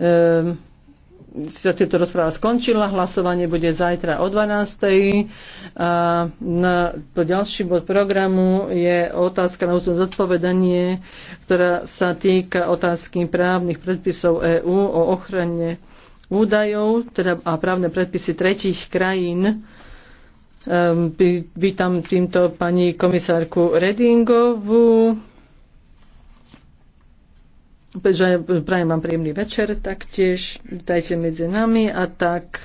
Ehm, sa tieto rozpráva skončila, hlasovanie bude zajtra o 12. A na to ďalší bod programu je otázka na úzum zodpovedanie, ktorá sa týka otázky právnych predpisov EÚ o ochrane údajov teda a právne predpisy tretích krajín. Ehm, vítam týmto pani komisárku Redingovú. Prajem vám príjemný večer taktiež, dajte medzi nami a tak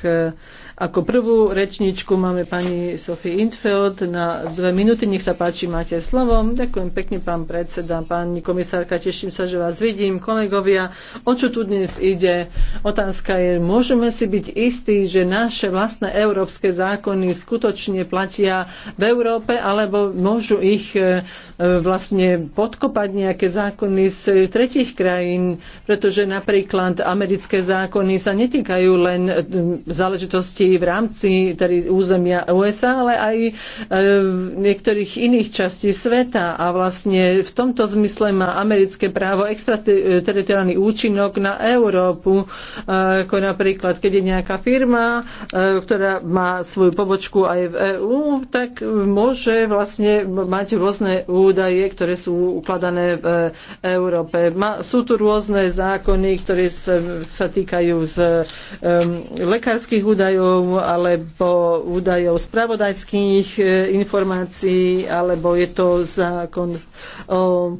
ako prvú rečničku máme pani Sofie Intfeld na dve minúty. Nech sa páči, máte slovo. Ďakujem pekne, pán predseda, pani komisárka. Teším sa, že vás vidím. Kolegovia, o čo tu dnes ide? Otázka je, môžeme si byť istí, že naše vlastné európske zákony skutočne platia v Európe, alebo môžu ich e, vlastne podkopať nejaké zákony z tretich krajín, pretože napríklad americké zákony sa netýkajú len e, záležitosti v rámci tedy územia USA, ale aj e, v niektorých iných častí sveta. A vlastne v tomto zmysle má americké právo extrateritoriálny účinok na Európu, e, ako napríklad, keď je nejaká firma, e, ktorá má svoju pobočku aj v EÚ, tak môže vlastne mať rôzne údaje, ktoré sú ukladané v Európe. Sú tu rôzne zákony, ktoré sa týkajú z um, lekárskych údajov, údajov alebo údajov spravodajských eh, informácií, alebo je to zákon o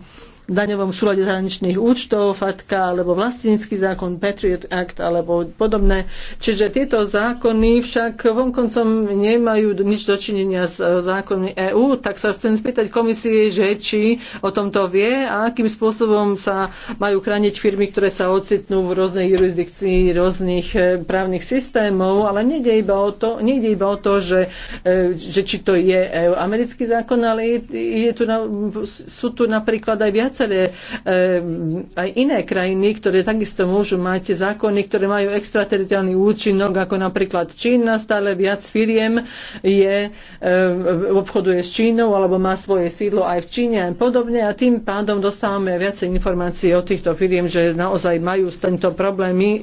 daňovom súlade zahraničných účtov, FATKA, alebo vlastnícky zákon, Patriot Act, alebo podobné. Čiže tieto zákony však vonkoncom nemajú nič dočinenia s eh, zákonmi EÚ, tak sa chcem spýtať komisie, že či o tomto vie a akým spôsobom sa majú chrániť firmy, ktoré sa ocitnú v rôznej jurisdikcii rôznych eh, právnych systémov, ale nejde iba o to, nejde iba o to že, eh, že či to je americký zákon, ale je, je tu na, sú tu napríklad aj viac viaceré aj iné krajiny, ktoré takisto môžu mať zákony, ktoré majú extrateritoriálny účinok, ako napríklad Čína, stále viac firiem je, obchoduje s Čínou alebo má svoje sídlo aj v Číne a podobne a tým pádom dostávame viacej informácií o týchto firiem, že naozaj majú s týmto problémy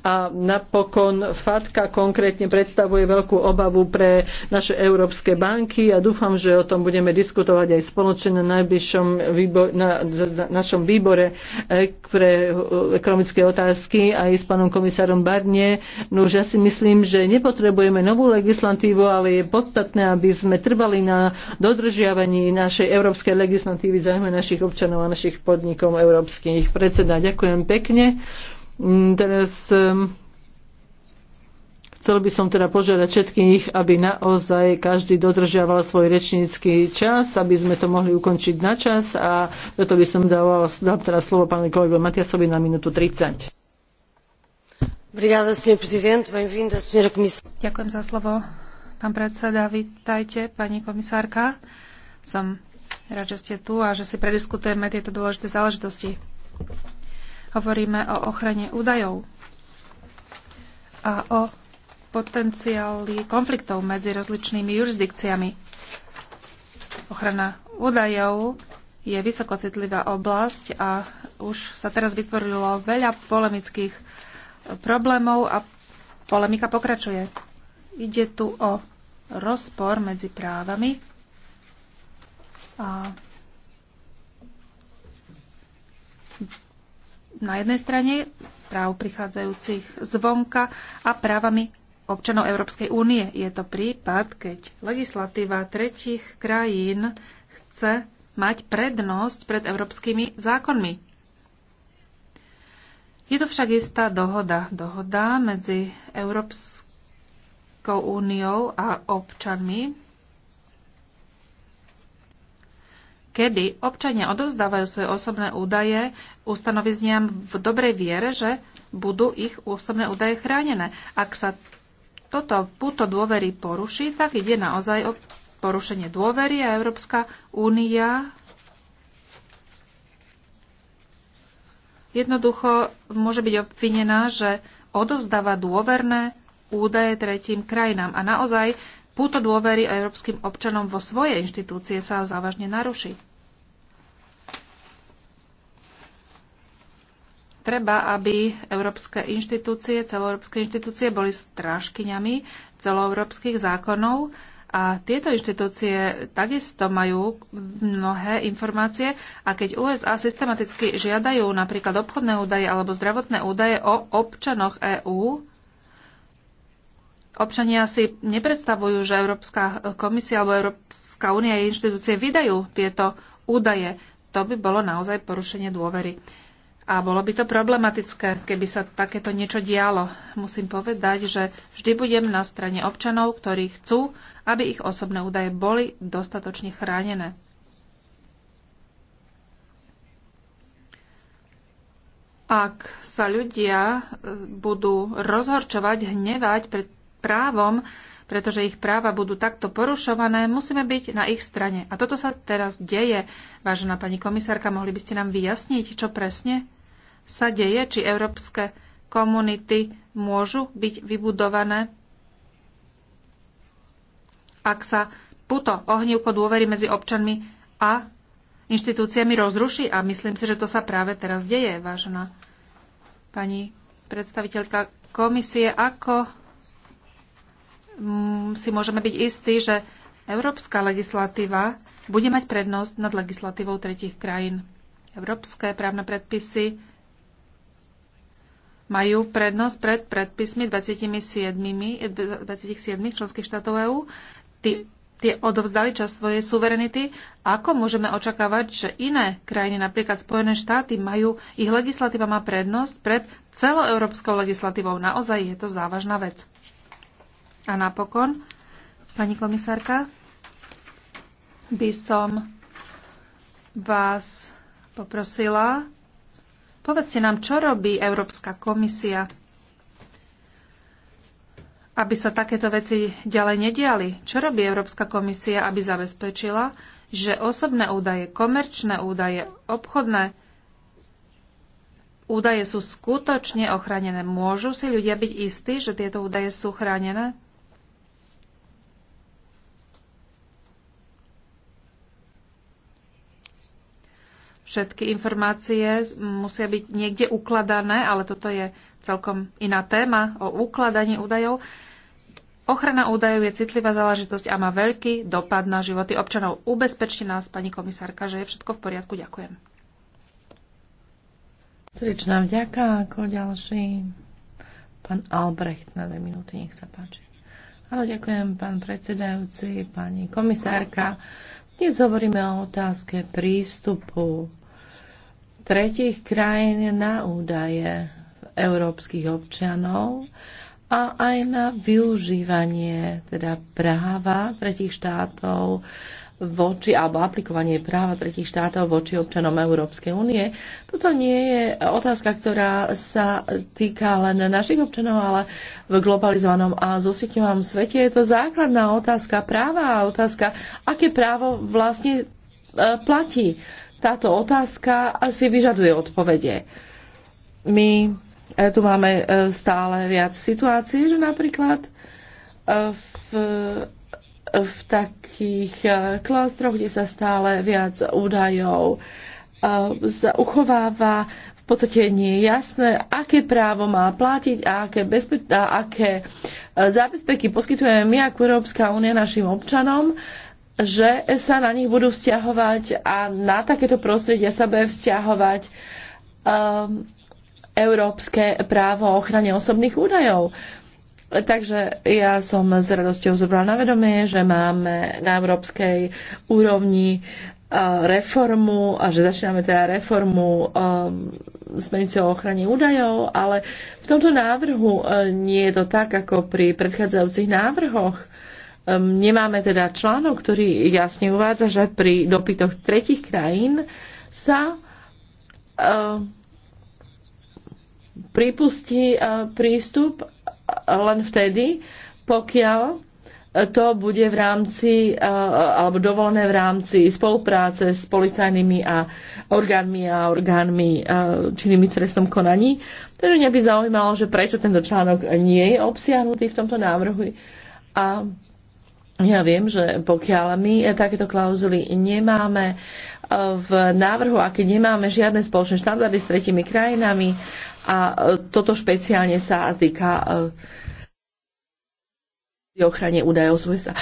a napokon FATKA konkrétne predstavuje veľkú obavu pre naše európske banky a dúfam, že o tom budeme diskutovať aj spoločne na najbližšom výbo- na na, našom výbore e, pre ekonomické otázky aj s pánom komisárom Barnie. No už ja si myslím, že nepotrebujeme novú legislatívu, ale je podstatné, aby sme trvali na dodržiavaní našej európskej legislatívy zájme našich občanov a našich podnikov európskych. Predseda, ďakujem pekne. Mm, teraz Chcel by som teda požiadať všetkých, aby naozaj každý dodržiaval svoj rečnícky čas, aby sme to mohli ukončiť na čas a preto by som dal, dal teraz slovo pánovi kolegu Matiasovi na minútu 30. Ďakujem za slovo, pán predseda. Vítajte, pani komisárka. Som rád, že ste tu a že si prediskutujeme tieto dôležité záležitosti. Hovoríme o ochrane údajov a o potenciály konfliktov medzi rozličnými jurisdikciami. Ochrana údajov je vysokocitlivá oblasť a už sa teraz vytvorilo veľa polemických eh, problémov a polemika pokračuje. Ide tu o rozpor medzi právami a na jednej strane práv prichádzajúcich zvonka a právami občanov Európskej únie. Je to prípad, keď legislatíva tretich krajín chce mať prednosť pred európskymi zákonmi. Je to však istá dohoda. Dohoda medzi Európskou úniou a občanmi, kedy občania odovzdávajú svoje osobné údaje ustanovizniam v dobrej viere, že budú ich osobné údaje chránené. Ak sa toto puto dôvery poruší, tak ide naozaj o porušenie dôvery a Európska únia jednoducho môže byť obvinená, že odovzdáva dôverné údaje tretím krajinám. A naozaj púto dôvery európskym občanom vo svoje inštitúcie sa závažne naruší. Treba, aby európske inštitúcie, celoeurópske inštitúcie boli strážkyňami celoeurópskych zákonov a tieto inštitúcie takisto majú mnohé informácie a keď USA systematicky žiadajú napríklad obchodné údaje alebo zdravotné údaje o občanoch EÚ, občania si nepredstavujú, že Európska komisia alebo Európska únia a inštitúcie vydajú tieto údaje. To by bolo naozaj porušenie dôvery. A bolo by to problematické, keby sa takéto niečo dialo. Musím povedať, že vždy budem na strane občanov, ktorí chcú, aby ich osobné údaje boli dostatočne chránené. Ak sa ľudia eh, budú rozhorčovať, hnevať pred právom, pretože ich práva budú takto porušované, musíme byť na ich strane. A toto sa teraz deje. Vážená pani komisárka, mohli by ste nám vyjasniť, čo presne sa deje, či európske komunity môžu byť vybudované, ak sa puto, ohnívko dôvery medzi občanmi a inštitúciami rozruší a myslím si, že to sa práve teraz deje, vážená pani predstaviteľka komisie, ako Mm, si môžeme byť istí, že európska legislatíva bude mať prednosť nad legislatívou tretich krajín. Európske právne predpisy majú prednosť pred predpismi 27, 27 členských štátov EÚ. Tie, tie odovzdali čas svojej suverenity. Ako môžeme očakávať, že iné krajiny, napríklad Spojené štáty, majú, ich legislatíva má prednosť pred celoeurópskou legislatívou? Naozaj je to závažná vec. A napokon, pani komisárka, by som vás poprosila, povedzte nám, čo robí Európska komisia, aby sa takéto veci ďalej nediali. Čo robí Európska komisia, aby zabezpečila, že osobné údaje, komerčné údaje, obchodné údaje sú skutočne ochránené. Môžu si ľudia byť istí, že tieto údaje sú chránené? všetky informácie musia byť niekde ukladané, ale toto je celkom iná téma o ukladaní údajov. Ochrana údajov je citlivá záležitosť a má veľký dopad na životy občanov. Ubezpečte nás, pani komisárka, že je všetko v poriadku. Ďakujem. Srdečná vďaka. Ako ďalší pán Albrecht na dve minúty. Nech sa páči. Áno, ďakujem, pán predsedajúci, pani komisárka. Dnes hovoríme o otázke prístupu tretich krajín na údaje európskych občanov a aj na využívanie teda práva tretich štátov voči, alebo aplikovanie práva tretich štátov voči občanom Európskej únie. Toto nie je otázka, ktorá sa týka len našich občanov, ale v globalizovanom a zosieťovanom svete je to základná otázka práva a otázka, aké právo vlastne e, platí. Táto otázka asi vyžaduje odpovede. My e, tu máme e, stále viac situácií, že napríklad e, v, v takých klostroch, kde sa stále viac údajov sa uchováva, v podstate nie je jasné, aké právo má platiť a aké, bezpe- a aké zabezpeky poskytujeme my ako Európska únia našim občanom že sa na nich budú vzťahovať a na takéto prostredia sa bude vzťahovať um, európske právo o ochrane osobných údajov. Takže ja som s radosťou zobrala na vedomie, že máme na európskej úrovni uh, reformu a že začíname teda reformu um, smernice o ochrane údajov, ale v tomto návrhu uh, nie je to tak, ako pri predchádzajúcich návrhoch. Ehm, nemáme teda článok, ktorý jasne uvádza, že pri dopytoch tretich krajín sa ehm, pripustí e, prístup e, len vtedy, pokiaľ e, to bude v rámci, alebo dovolené v rámci spolupráce s policajnými a orgánmi a orgánmi činnými trestom konaní. Takže mňa by zaujímalo, že prečo tento článok nie je obsiahnutý v tomto návrhu. A ja viem, že pokiaľ my takéto klauzuly nemáme e, v návrhu a keď nemáme žiadne spoločné štandardy s tretimi krajinami a e, toto špeciálne sa týka e, ochrane údajov z USA.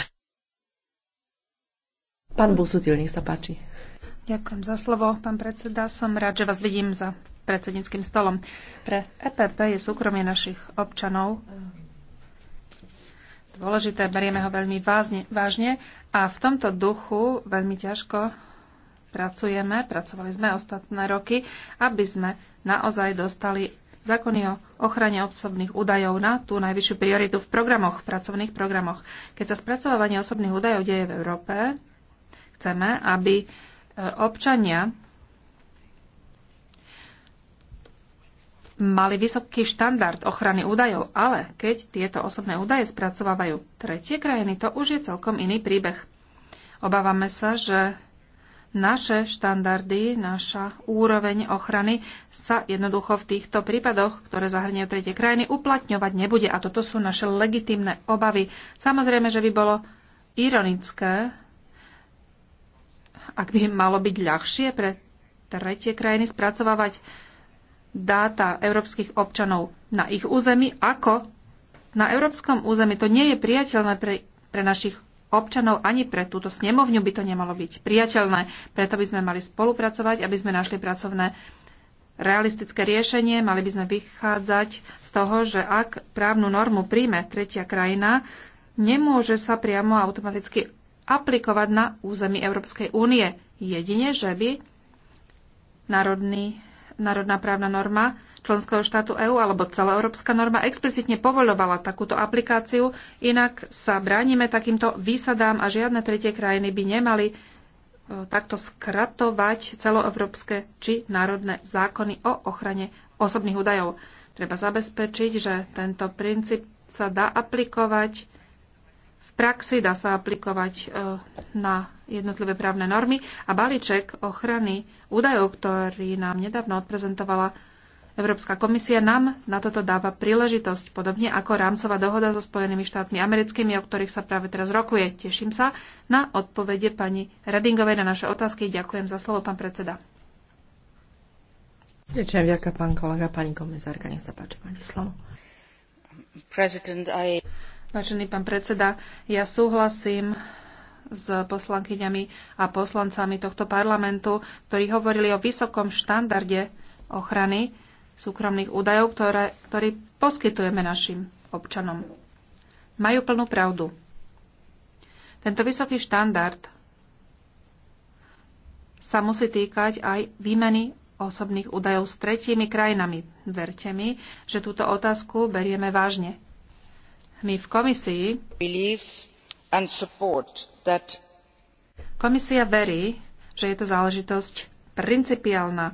Pán Busutil, nech sa páči. Ďakujem za slovo, pán predseda. Som rád, že vás vidím za predsedníckým stolom. Pre EPP je súkromie našich občanov dôležité, berieme ho veľmi vážne, vážne a v tomto duchu veľmi ťažko pracujeme, pracovali sme ostatné roky, aby sme naozaj dostali zákony o ochrane osobných údajov na tú najvyššiu prioritu v programoch, v pracovných programoch. Keď sa spracovávanie osobných údajov deje v Európe, chceme, aby e, občania mali vysoký štandard ochrany údajov, ale keď tieto osobné údaje spracovávajú tretie krajiny, to už je celkom iný príbeh. Obávame sa, že naše štandardy, naša úroveň ochrany sa jednoducho v týchto prípadoch, ktoré zahrňujú tretie krajiny, uplatňovať nebude. A toto sú naše legitimné obavy. Samozrejme, že by bolo ironické, ak by malo byť ľahšie pre tretie krajiny spracovávať dáta európskych občanov na ich území, ako na európskom území. To nie je priateľné pre, pre našich občanov ani pre túto snemovňu by to nemalo byť priateľné. Preto by sme mali spolupracovať, aby sme našli pracovné realistické riešenie. Mali by sme vychádzať z toho, že ak právnu normu príjme tretia krajina, nemôže sa priamo automaticky aplikovať na území Európskej únie. Jedine, že by národný národná právna norma členského štátu EÚ alebo celoeurópska norma explicitne povoľovala takúto aplikáciu, inak sa bránime takýmto výsadám a žiadne tretie krajiny by nemali e, takto skratovať celoeurópske či národné zákony o ochrane osobných údajov. Treba zabezpečiť, že tento princíp sa dá aplikovať praxi, dá sa aplikovať e, na jednotlivé právne normy a balíček ochrany údajov, ktorý nám nedávno odprezentovala Európska komisia nám na toto dáva príležitosť, podobne ako rámcová dohoda so Spojenými štátmi americkými, o ktorých sa práve teraz rokuje. Teším sa na odpovede pani Redingovej na naše otázky. Ďakujem za slovo, pán predseda. Ďakujem, ďakujem, pán kolega, pani komisárka, nech sa páči, pani slovo. I... Vážený pán predseda, ja súhlasím s poslankyňami a poslancami tohto parlamentu, ktorí hovorili o vysokom štandarde ochrany súkromných údajov, ktoré, ktorý poskytujeme našim občanom. Majú plnú pravdu. Tento vysoký štandard sa musí týkať aj výmeny osobných údajov s tretími krajinami. Verte mi, že túto otázku berieme vážne my v komisii Komisia verí, že je to záležitosť principiálna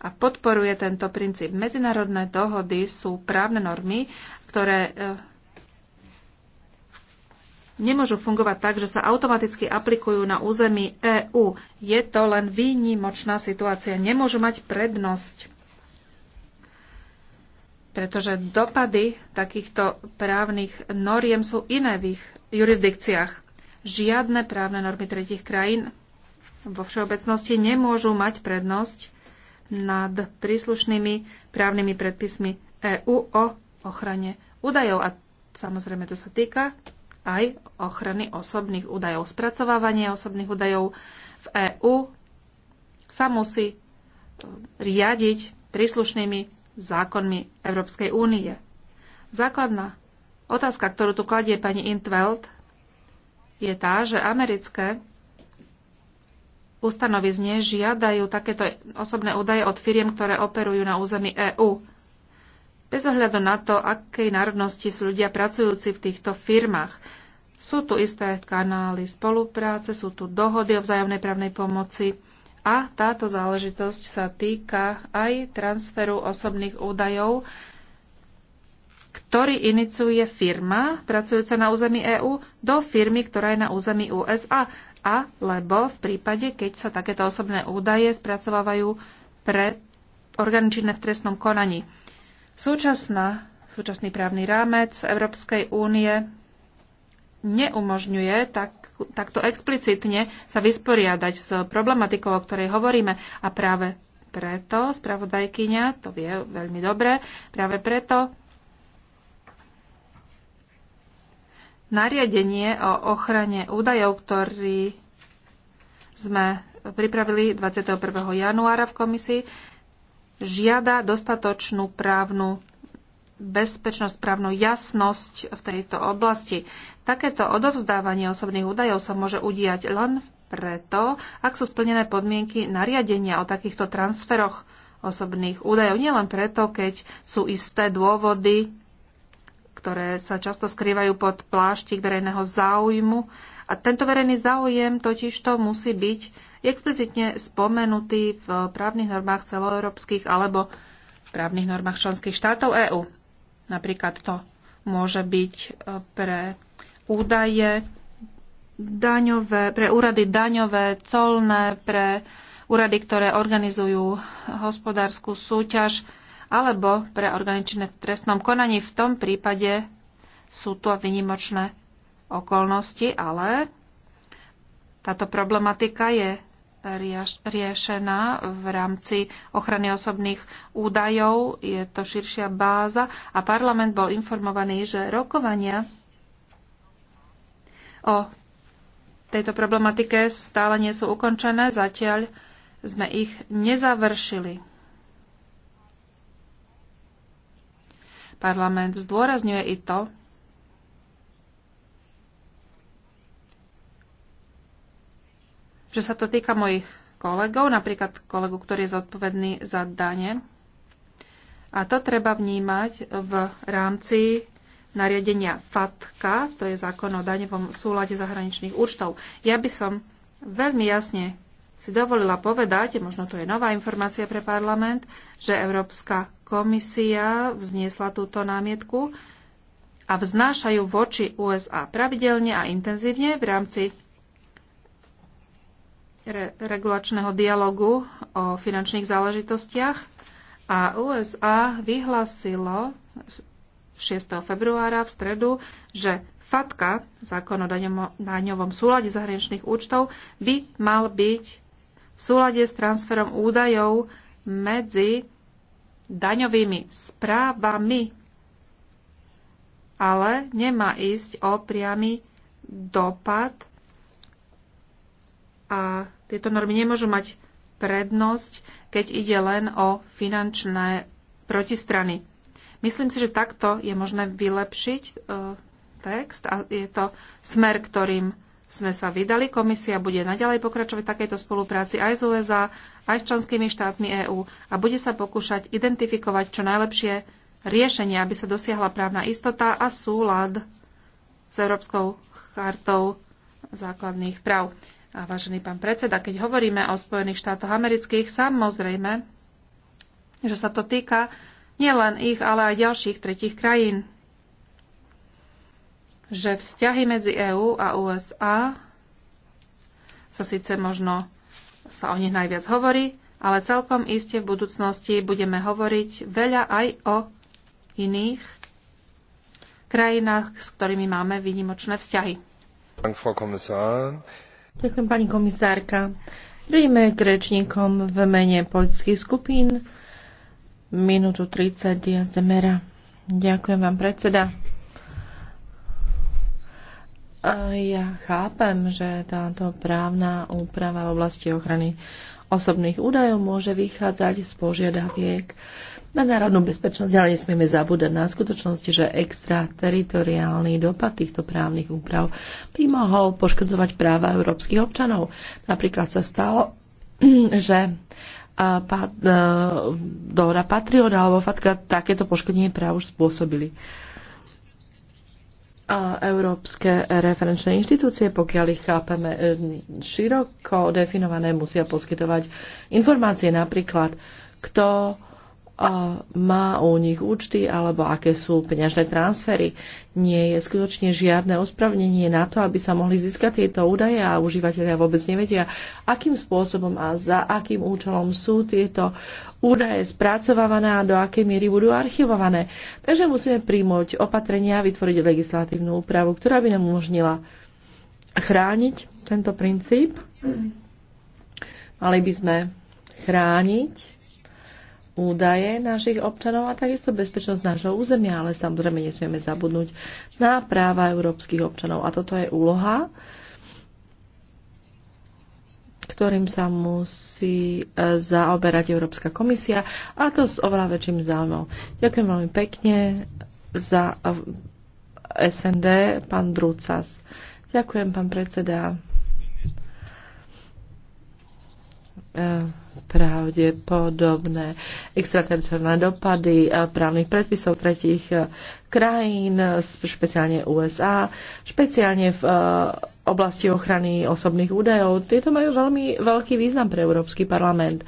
a podporuje tento princíp. Medzinárodné dohody sú právne normy, ktoré eh, nemôžu fungovať tak, že sa automaticky aplikujú na území EÚ. Je to len výnimočná situácia. Nemôžu mať prednosť pretože dopady takýchto právnych noriem sú iné v ich jurisdikciách. Žiadne právne normy tretich krajín vo všeobecnosti nemôžu mať prednosť nad príslušnými právnymi predpismi EÚ o ochrane údajov. A samozrejme to sa týka aj ochrany osobných údajov. Spracovávanie osobných údajov v EÚ sa musí riadiť príslušnými zákonmi Európskej únie. Základná otázka, ktorú tu kladie pani Intveld, je tá, že americké ustanovizne žiadajú takéto osobné údaje od firiem, ktoré operujú na území EÚ. Bez ohľadu na to, akej národnosti sú ľudia pracujúci v týchto firmách, sú tu isté kanály spolupráce, sú tu dohody o vzájomnej právnej pomoci, a táto záležitosť sa týka aj transferu osobných údajov, ktorý iniciuje firma pracujúca na území EÚ do firmy, ktorá je na území USA, alebo v prípade, keď sa takéto osobné údaje spracovávajú pre orgány činné v trestnom konaní. Súčasná, súčasný právny rámec Európskej únie neumožňuje tak, takto explicitne sa vysporiadať s problematikou, o ktorej hovoríme. A práve preto, spravodajkyňa to vie veľmi dobre, práve preto nariadenie o ochrane údajov, ktorý sme pripravili 21. januára v komisii, žiada dostatočnú právnu bezpečnosť, právnu jasnosť v tejto oblasti. Takéto odovzdávanie osobných údajov sa môže udiať len preto, ak sú splnené podmienky nariadenia o takýchto transferoch osobných údajov. nie len preto, keď sú isté dôvody, ktoré sa často skrývajú pod pláštik verejného záujmu. A tento verejný záujem totižto musí byť explicitne spomenutý v právnych normách celoeurópskych alebo v právnych normách členských štátov EÚ. Napríklad to môže byť e, pre údaje daňové, pre úrady daňové, colné, pre úrady, ktoré organizujú hospodárskú súťaž alebo pre organičné v trestnom konaní. V tom prípade sú to vynimočné okolnosti, ale táto problematika je riešená v rámci ochrany osobných údajov. Je to širšia báza a parlament bol informovaný, že rokovania o tejto problematike stále nie sú ukončené, zatiaľ sme ich nezavršili. Parlament zdôrazňuje i to, že sa to týka mojich kolegov, napríklad kolegu, ktorý je zodpovedný za dane. A to treba vnímať v rámci nariadenia FATKA, to je zákon o daňovom súlade zahraničných účtov. Ja by som veľmi jasne si dovolila povedať, možno to je nová informácia pre parlament, že Európska komisia vzniesla túto námietku a vznášajú voči USA pravidelne a intenzívne v rámci re- regulačného dialogu o finančných záležitostiach a USA vyhlasilo 6. februára v stredu, že FATKA, zákon o daňovom súlade zahraničných účtov, by mal byť v súlade s transferom údajov medzi daňovými správami, ale nemá ísť o priamy dopad a tieto normy nemôžu mať prednosť, keď ide len o finančné protistrany. Myslím si, že takto je možné vylepšiť e, text a je to smer, ktorým sme sa vydali. Komisia bude naďalej pokračovať v takejto spolupráci aj z USA, aj s členskými štátmi EÚ a bude sa pokúšať identifikovať čo najlepšie riešenie, aby sa dosiahla právna istota a súlad s Európskou chartou základných práv. A vážený pán predseda, keď hovoríme o Spojených štátoch amerických, samozrejme, že sa to týka nielen ich, ale aj ďalších tretich krajín. Že vzťahy medzi EÚ a USA sa síce možno sa o nich najviac hovorí, ale celkom iste v budúcnosti budeme hovoriť veľa aj o iných krajinách, s ktorými máme výnimočné vzťahy. Ďakujem, pani komisárka. Príjme k rečníkom v mene politických skupín minútu 30 dia zemera. Ďakujem vám, predseda. Ja chápem, že táto právna úprava v oblasti ochrany osobných údajov môže vychádzať z požiadaviek na národnú bezpečnosť, ale nesmieme zabúdať na skutočnosti, že extrateritoriálny dopad týchto právnych úprav by mohol poškodzovať práva európskych občanov. Napríklad sa stalo, že pát, e, dohoda Patriot alebo Fatka takéto poškodenie práv už spôsobili. A európske referenčné inštitúcie, pokiaľ ich chápeme e, široko definované, musia poskytovať informácie napríklad, kto má u nich účty alebo aké sú peňažné transfery. Nie je skutočne žiadne ospravnenie na to, aby sa mohli získať tieto údaje a užívateľia vôbec nevedia, akým spôsobom a za akým účelom sú tieto údaje spracovávané a do akej miery budú archivované. Takže musíme príjmoť opatrenia a vytvoriť legislatívnu úpravu, ktorá by nám umožnila chrániť tento princíp. Mali by sme chrániť údaje našich občanov a takisto bezpečnosť nášho územia, ale samozrejme nesmieme zabudnúť na práva európskych občanov. A toto je úloha, ktorým sa musí e, zaoberať Európska komisia a to s oveľa väčším záujmom. Ďakujem veľmi pekne za e, SND, pán Drúcas. Ďakujem, pán predseda. pravdepodobné extraterritoriálne dopady eh, právnych predpisov tretich eh, krajín, špeciálne USA, špeciálne v eh, oblasti ochrany osobných údajov. Tieto majú veľmi veľký význam pre Európsky parlament.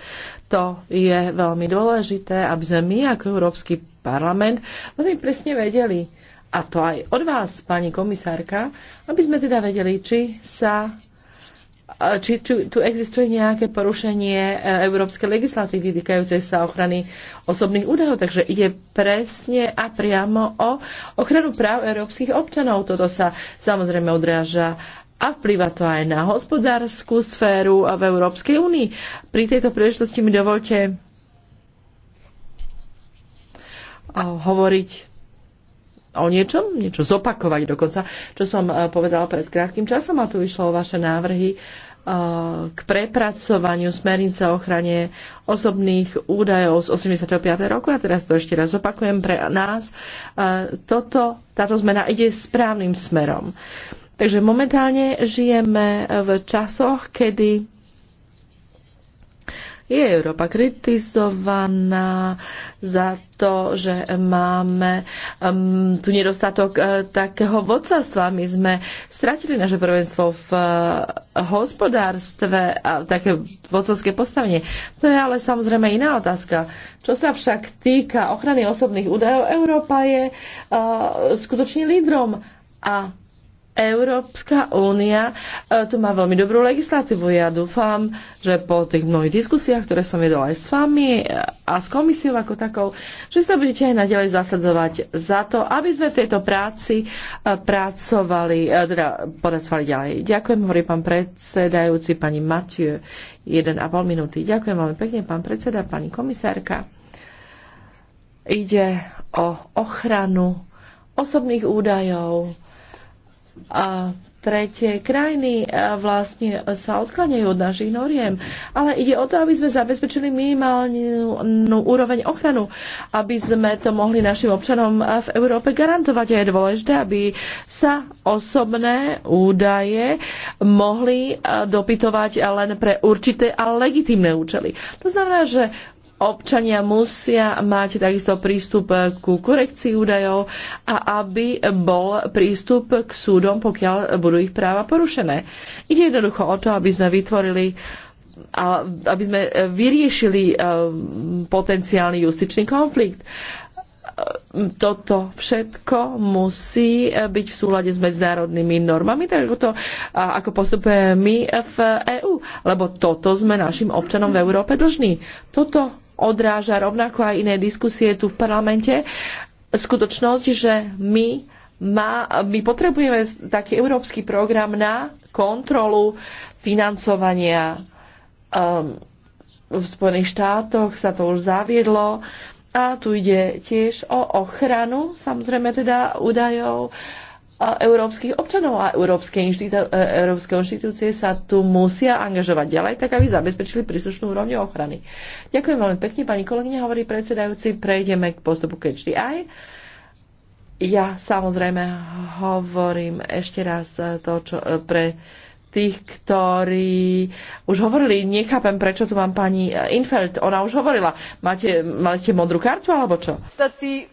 To je veľmi dôležité, aby sme my ako Európsky parlament veľmi presne vedeli, a to aj od vás, pani komisárka, aby sme teda vedeli, či sa či tu, tu existuje nejaké porušenie e, európskej legislatívy týkajúcej sa ochrany osobných údajov. Takže ide presne a priamo o ochranu práv európskych občanov. Toto sa samozrejme odráža a vplýva to aj na hospodárskú sféru v Európskej únii. Pri tejto príležitosti mi dovolte hovoriť o niečom, niečo zopakovať dokonca, čo som e, povedala pred krátkým časom a tu išlo o vaše návrhy e, k prepracovaniu smernice o ochrane osobných údajov z 85. roku. A teraz to ešte raz opakujem pre nás. E, toto, táto zmena ide správnym smerom. Takže momentálne žijeme v časoch, kedy je Európa kritizovaná za to, že máme um, tu nedostatok uh, takého vodcovstva. My sme stratili naše prvenstvo v uh, hospodárstve a také vodcovské postavenie. To je ale samozrejme iná otázka. Čo sa však týka ochrany osobných údajov, Európa je uh, skutočne lídrom a Európska únia e, tu má veľmi dobrú legislatívu. Ja dúfam, že po tých mnohých diskusiách, ktoré som vedol aj s vami e, a s komisiou ako takou, že sa budete aj naďalej zasadzovať za to, aby sme v tejto práci e, pracovali, teda podacovali ďalej. Ďakujem, hovorí pán predsedajúci, pani Matiu, pol minúty. Ďakujem veľmi pekne, pán predseda, pani komisárka. Ide o ochranu osobných údajov, a tretie krajiny e, vlastne e, sa odklaniajú od našich noriem. Ale ide o to, aby sme zabezpečili minimálnu úroveň ochranu, aby sme to mohli našim občanom e, v Európe garantovať. A je dôležité, aby sa osobné údaje mohli dopytovať len pre určité a legitímne účely. To znamená, že občania musia mať takisto prístup ku korekcii údajov a aby bol prístup k súdom, pokiaľ budú ich práva porušené. Ide jednoducho o to, aby sme vytvorili a aby sme vyriešili eh, potenciálny justičný konflikt. Toto všetko musí byť v súlade s medzinárodnými normami, tak ako, to, ako postupujeme my v EÚ. Lebo toto sme našim občanom v Európe dlžní. Toto odráža rovnako aj iné diskusie tu v parlamente skutočnosť, že my, má, my potrebujeme taký európsky program na kontrolu financovania. Um, v Spojených štátoch sa to už zaviedlo a tu ide tiež o ochranu, samozrejme teda údajov, európskych občanov a európske, inštitú, e, európske inštitúcie sa tu musia angažovať ďalej, tak aby zabezpečili príslušnú úrovni ochrany. Ďakujem veľmi pekne, pani kolegyňa, hovorí predsedajúci. Prejdeme k postupu KHDI. Ja samozrejme hovorím ešte raz to, čo e, pre tých, ktorí už hovorili, nechápem, prečo tu mám pani Infeld, ona už hovorila. Máte, mali ste modrú kartu, alebo čo? Staty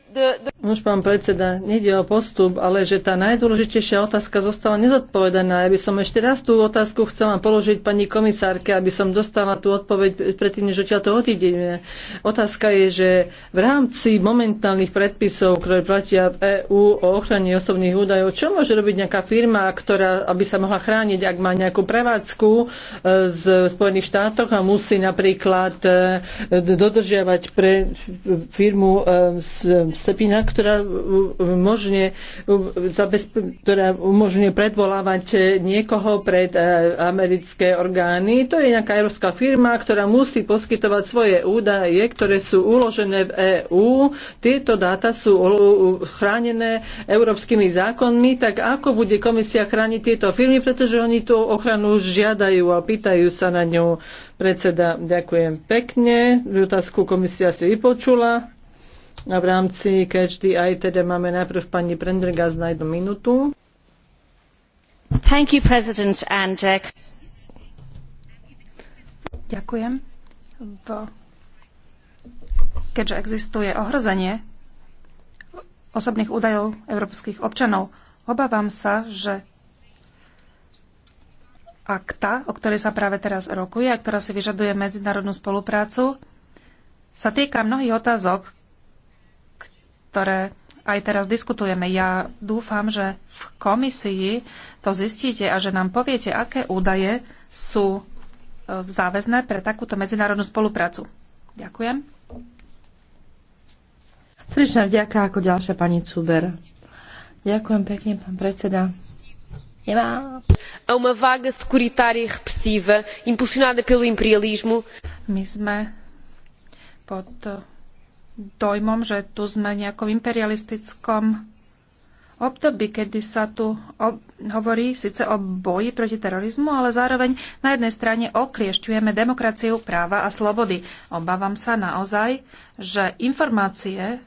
už pán predseda, nejde o postup, ale že tá najdôležitejšia otázka zostala nezodpovedaná. Ja by som ešte raz tú otázku chcela položiť pani komisárke, aby som dostala tú odpoveď predtým, než odtiaľ to odídeme. Otázka je, že v rámci momentálnych predpisov, ktoré platia v EÚ o ochrane osobných údajov, čo môže robiť nejaká firma, ktorá aby sa mohla chrániť, ak má nejakú prevádzku e, z Spojených štátoch a musí napríklad e, dodržiavať pre firmu e, z disciplína, ktorá umožňuje, uh, uh, uh, ktorá umožňuje predvolávať eh, niekoho pred eh, americké orgány. To je nejaká európska firma, ktorá musí poskytovať svoje údaje, ktoré sú uložené v EÚ. Tieto dáta sú chránené európskymi zákonmi, tak ako bude komisia chrániť tieto firmy, pretože oni tú ochranu žiadajú a pýtajú sa na ňu. Predseda, ďakujem pekne. Otázku komisia si vypočula. A v rámci každý aj teda máme najprv pani Prendergast na jednu minútu. Thank you, President, and, uh... Ďakujem. V... Keďže existuje ohrozenie osobných údajov európskych občanov, obávam sa, že akta, o ktorej sa práve teraz rokuje a ktorá si vyžaduje medzinárodnú spoluprácu, sa týka mnohých otázok, ktoré aj teraz diskutujeme. Ja dúfam, že v komisii to zistíte a že nám poviete, aké údaje sú e, záväzné pre takúto medzinárodnú spoluprácu. Ďakujem. Srdečná vďaka ako ďalšia pani Cuber. Ďakujem pekne, pán predseda. Nemá. uma vaga securitária repressiva impulsionada pelo imperialismo. My sme dojmom, že tu sme v nejakom imperialistickom období, kedy sa tu hovorí síce o boji proti terorizmu, ale zároveň na jednej strane okriešťujeme demokraciu, práva a slobody. Obávam sa naozaj, že informácie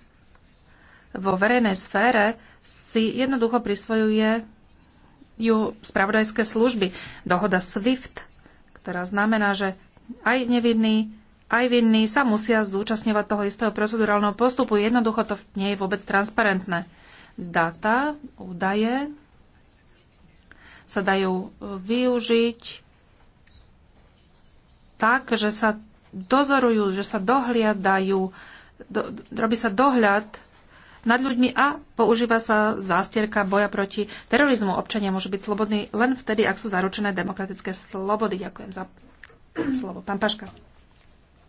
vo verejnej sfére si jednoducho prisvojuje ju spravodajské služby. Dohoda SWIFT, ktorá znamená, že aj nevinný aj vinní sa musia zúčastňovať toho istého procedurálneho postupu. Jednoducho to nie je vôbec transparentné. Data, údaje sa dajú využiť tak, že sa dozorujú, že sa dohliadajú, do, robí sa dohľad nad ľuďmi a používa sa zástierka boja proti terorizmu. Občania môžu byť slobodní len vtedy, ak sú zaručené demokratické slobody. Ďakujem za slovo. Pán Paška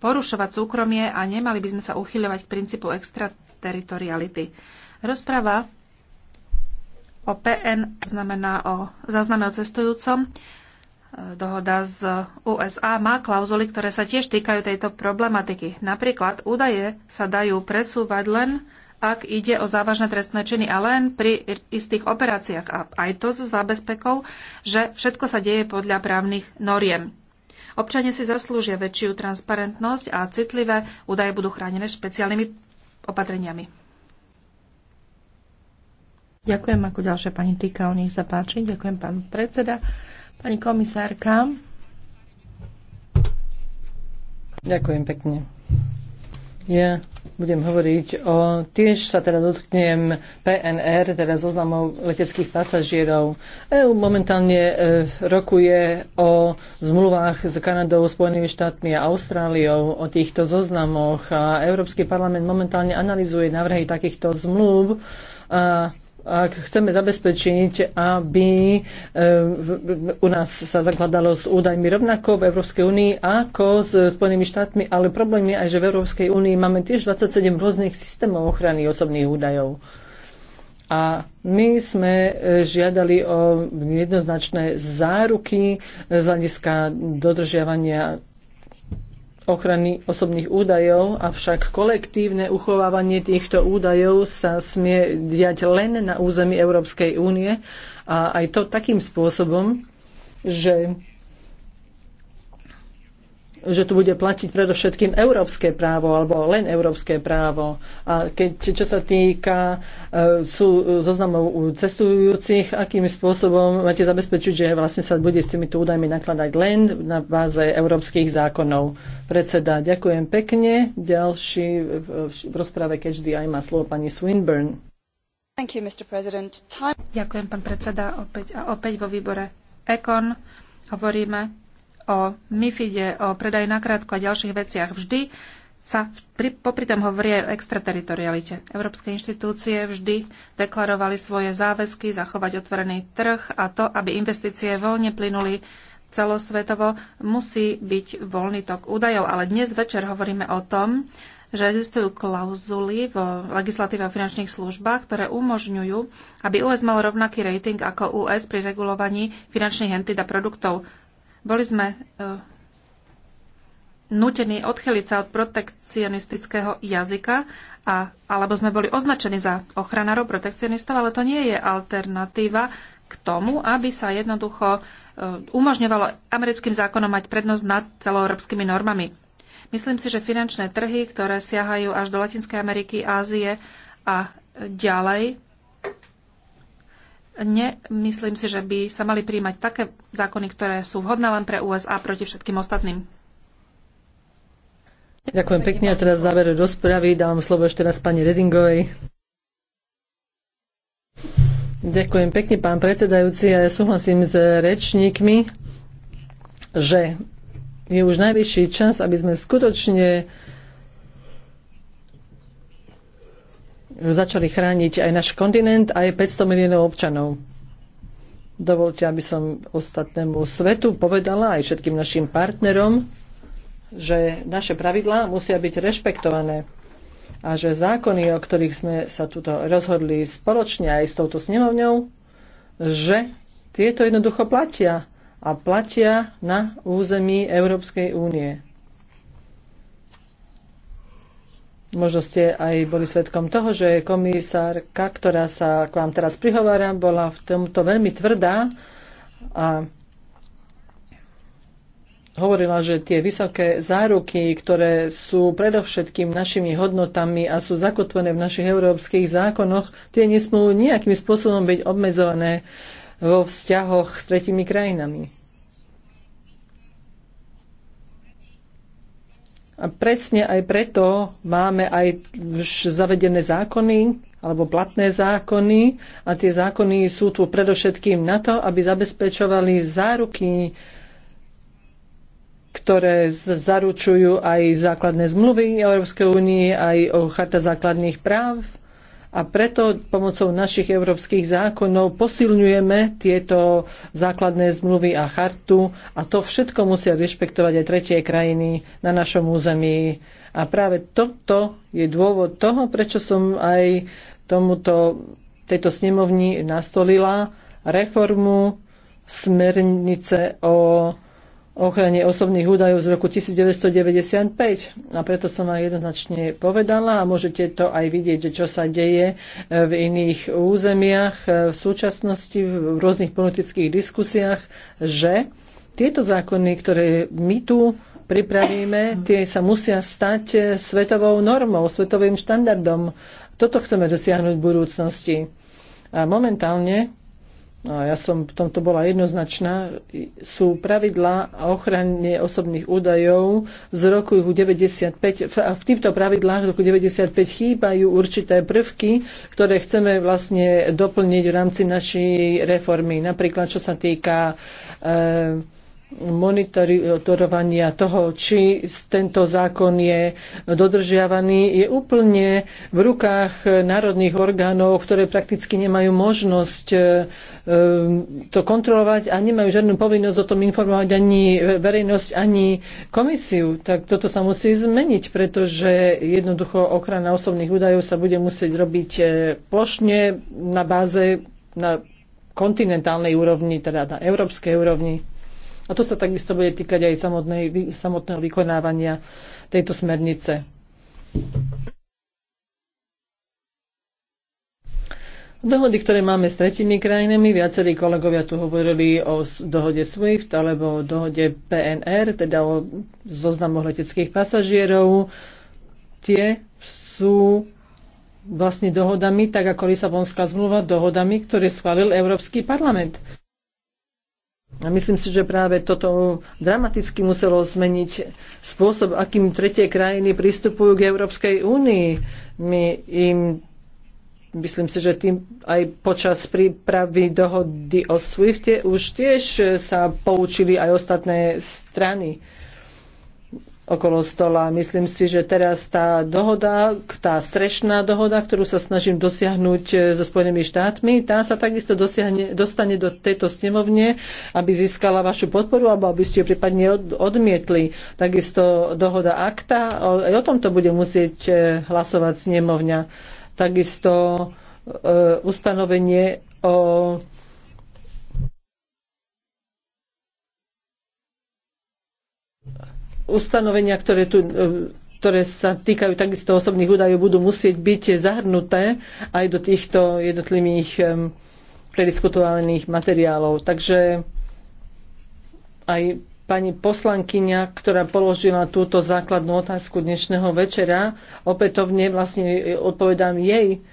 porušovať súkromie a nemali by sme sa uchyľovať k princípu extrateritoriality. Rozprava o PN znamená o zázname o cestujúcom. Dohoda z USA má klauzuly, ktoré sa tiež týkajú tejto problematiky. Napríklad údaje sa dajú presúvať len ak ide o závažné trestné činy a len pri istých operáciách. A aj to so zábezpekou, že všetko sa deje podľa právnych noriem. Občania si zaslúžia väčšiu transparentnosť a citlivé údaje budú chránené špeciálnymi opatreniami. Ďakujem ako ďalšia pani o nich sa páči. Ďakujem pán predseda, pani komisárka. Ďakujem pekne. Ja budem hovoriť o... Tiež sa teda dotknem PNR, teda zoznamov leteckých pasažierov. EU momentálne e, rokuje o zmluvách s Kanadou, Spojenými štátmi a Austráliou o týchto zoznamoch a Európsky parlament momentálne analizuje návrhy takýchto zmluv a ak chceme zabezpečiť, aby e, u nás sa zakladalo s údajmi rovnako v Európskej únii ako s Spojenými štátmi, ale problém je aj, že v Európskej únii máme tiež 27 rôznych systémov ochrany osobných údajov. A my sme e, žiadali o jednoznačné záruky z hľadiska dodržiavania ochrany osobných údajov, avšak kolektívne uchovávanie týchto údajov sa smie diať len na území Európskej únie a aj to takým spôsobom, že že tu bude platiť predovšetkým európske právo alebo len európske právo. A keď, čo sa týka e, sú zoznamov cestujúcich, akým spôsobom máte zabezpečiť, že vlastne sa bude s týmito údajmi nakladať len na báze európskych zákonov. Predseda, ďakujem pekne. Ďalší v, v rozprave každý aj má slovo pani Swinburne. Thank you, Mr. President. Time... Ďakujem, pán predseda, opäť a opäť vo výbore ECON hovoríme o MIFIDe, o predaji nakrátko a ďalších veciach. Vždy sa pri, popri tom hovorí o extrateritorialite. Európske inštitúcie vždy deklarovali svoje záväzky zachovať otvorený trh a to, aby investície voľne plynuli celosvetovo, musí byť voľný tok údajov. Ale dnes večer hovoríme o tom, že existujú klauzuly v legislatíve o finančných službách, ktoré umožňujú, aby US mal rovnaký rating ako US pri regulovaní finančných entít a produktov boli sme e, nutení odchyliť sa od protekcionistického jazyka, a, alebo sme boli označení za ochranárov protekcionistov, ale to nie je alternatíva k tomu, aby sa jednoducho e, umožňovalo americkým zákonom mať prednosť nad celoeurópskymi normami. Myslím si, že finančné trhy, ktoré siahajú až do Latinskej Ameriky, Ázie a ďalej, Nemyslím si, že by sa mali príjmať také zákony, ktoré sú vhodné len pre USA proti všetkým ostatným. Ďakujem pekne a teraz záver rozpravy. Dávam slovo ešte raz pani Redingovej. Ďakujem pekne, pán predsedajúci. Ja súhlasím s rečníkmi, že je už najvyšší čas, aby sme skutočne začali chrániť aj náš kontinent, aj 500 miliónov občanov. Dovolte, aby som ostatnému svetu povedala aj všetkým našim partnerom, že naše pravidlá musia byť rešpektované a že zákony, o ktorých sme sa tuto rozhodli spoločne aj s touto snemovňou, že tieto jednoducho platia a platia na území Európskej únie. Možno ste aj boli svedkom toho, že komisárka, ktorá sa k vám teraz prihovára, bola v tomto veľmi tvrdá a hovorila, že tie vysoké záruky, ktoré sú predovšetkým našimi hodnotami a sú zakotvené v našich európskych zákonoch, tie nesmú nejakým spôsobom byť obmedzované vo vzťahoch s tretimi krajinami. A presne aj preto máme aj zavedené zákony alebo platné zákony a tie zákony sú tu predovšetkým na to, aby zabezpečovali záruky, ktoré zaručujú aj základné zmluvy Európskej únie, aj o charta základných práv a preto pomocou našich európskych zákonov posilňujeme tieto základné zmluvy a chartu a to všetko musia rešpektovať aj tretie krajiny na našom území. A práve toto je dôvod toho, prečo som aj tomuto, tejto snemovni nastolila reformu smernice o ochrane osobných údajov z roku 1995. A preto som aj jednoznačne povedala a môžete to aj vidieť, že čo sa deje e, v iných územiach e, v súčasnosti, v rôznych politických diskusiách, že tieto zákony, ktoré my tu pripravíme, tie sa musia stať e, svetovou normou, svetovým štandardom. Toto chceme dosiahnuť v budúcnosti. A momentálne No a ja som v tomto bola jednoznačná, sú pravidlá a ochrane osobných údajov z roku 95. v týchto pravidlách z roku 95 chýbajú určité prvky, ktoré chceme vlastne doplniť v rámci našej reformy. Napríklad, čo sa týka e, monitorovania eh, toho, či tento zákon je dodržiavaný, je úplne v rukách eh, národných orgánov, ktoré prakticky nemajú možnosť eh, to kontrolovať a nemajú žiadnu povinnosť o tom informovať ani verejnosť, ani komisiu. Tak toto sa musí zmeniť, pretože jednoducho ochrana osobných údajov sa bude musieť robiť plošne na báze na kontinentálnej úrovni, teda na európskej úrovni. A to sa takisto bude týkať aj samotnej, samotného vykonávania tejto smernice. Dohody, ktoré máme s tretimi krajinami, viacerí kolegovia tu hovorili o dohode SWIFT alebo o dohode PNR, teda o zoznamu leteckých pasažierov. Tie sú vlastne dohodami, tak ako Lisabonská zmluva, dohodami, ktoré schválil Európsky parlament. A myslím si, že práve toto dramaticky muselo zmeniť spôsob, akým tretie krajiny pristupujú k Európskej únii. My im myslím si, že tým aj počas prípravy dohody o SWIFTe už tiež sa poučili aj ostatné strany okolo stola. Myslím si, že teraz tá dohoda, tá strešná dohoda, ktorú sa snažím dosiahnuť e, so Spojenými štátmi, tá sa takisto dosiahne, dostane do tejto snemovne, aby získala vašu podporu alebo aby ste ju prípadne odmietli. Takisto dohoda akta, aj o tomto bude musieť e, hlasovať snemovňa. Takisto e, ustanovenie o ustanovenia, ktoré tu e, ktoré sa týkajú takisto osobných údajov, budú musieť byť zahrnuté aj do týchto jednotlivých prediskutovaných materiálov. Takže aj pani poslankyňa, ktorá položila túto základnú otázku dnešného večera, opätovne vlastne odpovedám jej,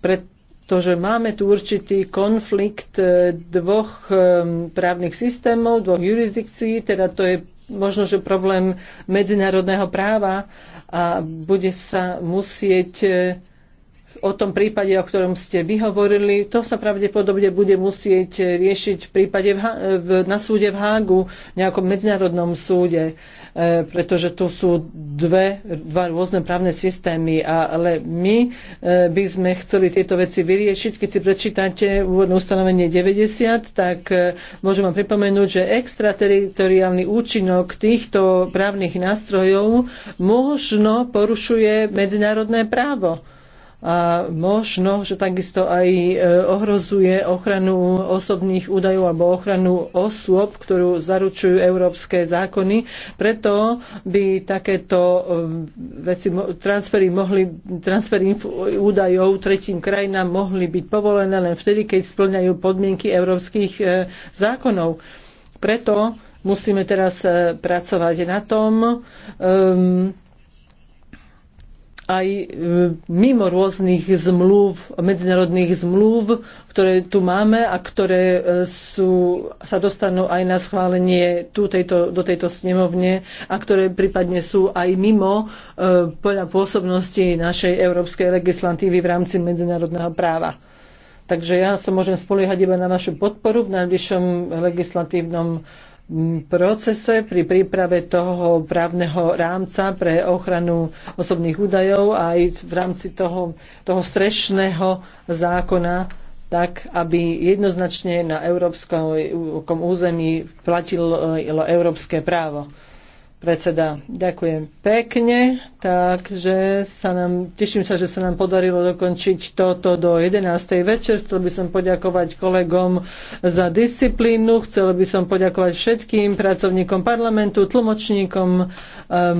pretože máme tu určitý konflikt e, dvoch právnych systémov, dvoch jurisdikcií, teda to je možno, že problém medzinárodného práva a bude sa musieť e, o tom prípade, o ktorom ste vyhovorili, to sa pravdepodobne bude musieť riešiť v prípade v, na súde v Hágu, nejakom medzinárodnom súde. E, pretože tu sú dve, dva rôzne právne systémy, ale my e, by sme chceli tieto veci vyriešiť. Keď si prečítate úvodné ustanovenie 90, tak e, môžem vám pripomenúť, že extrateritoriálny účinok týchto právnych nástrojov možno porušuje medzinárodné právo a možno, že takisto aj e, ohrozuje ochranu osobných údajov alebo ochranu osôb, ktorú zaručujú európske zákony. Preto by takéto e, veci, transfery, mohli, transfery údajov tretím krajinám mohli byť povolené len vtedy, keď splňajú podmienky európskych e, zákonov. Preto musíme teraz pracovať na tom, um, aj e, mimo rôznych zmluv, medzinárodných zmluv, ktoré tu máme a ktoré e, sú, sa dostanú aj na schválenie tu tejto, do tejto snemovne a ktoré prípadne sú aj mimo e, poľa pôsobnosti našej európskej legislatívy v rámci medzinárodného práva. Takže ja sa môžem spoliehať iba na vašu podporu v najbližšom legislatívnom procese pri príprave toho právneho rámca pre ochranu osobných údajov aj v rámci toho, toho strešného zákona, tak aby jednoznačne na európskom území platilo e, e, európske právo predseda. Ďakujem pekne. Takže sa nám, teším sa, že sa nám podarilo dokončiť toto do 11. večer. Chcel by som poďakovať kolegom za disciplínu. Chcel by som poďakovať všetkým pracovníkom parlamentu, tlmočníkom. Um,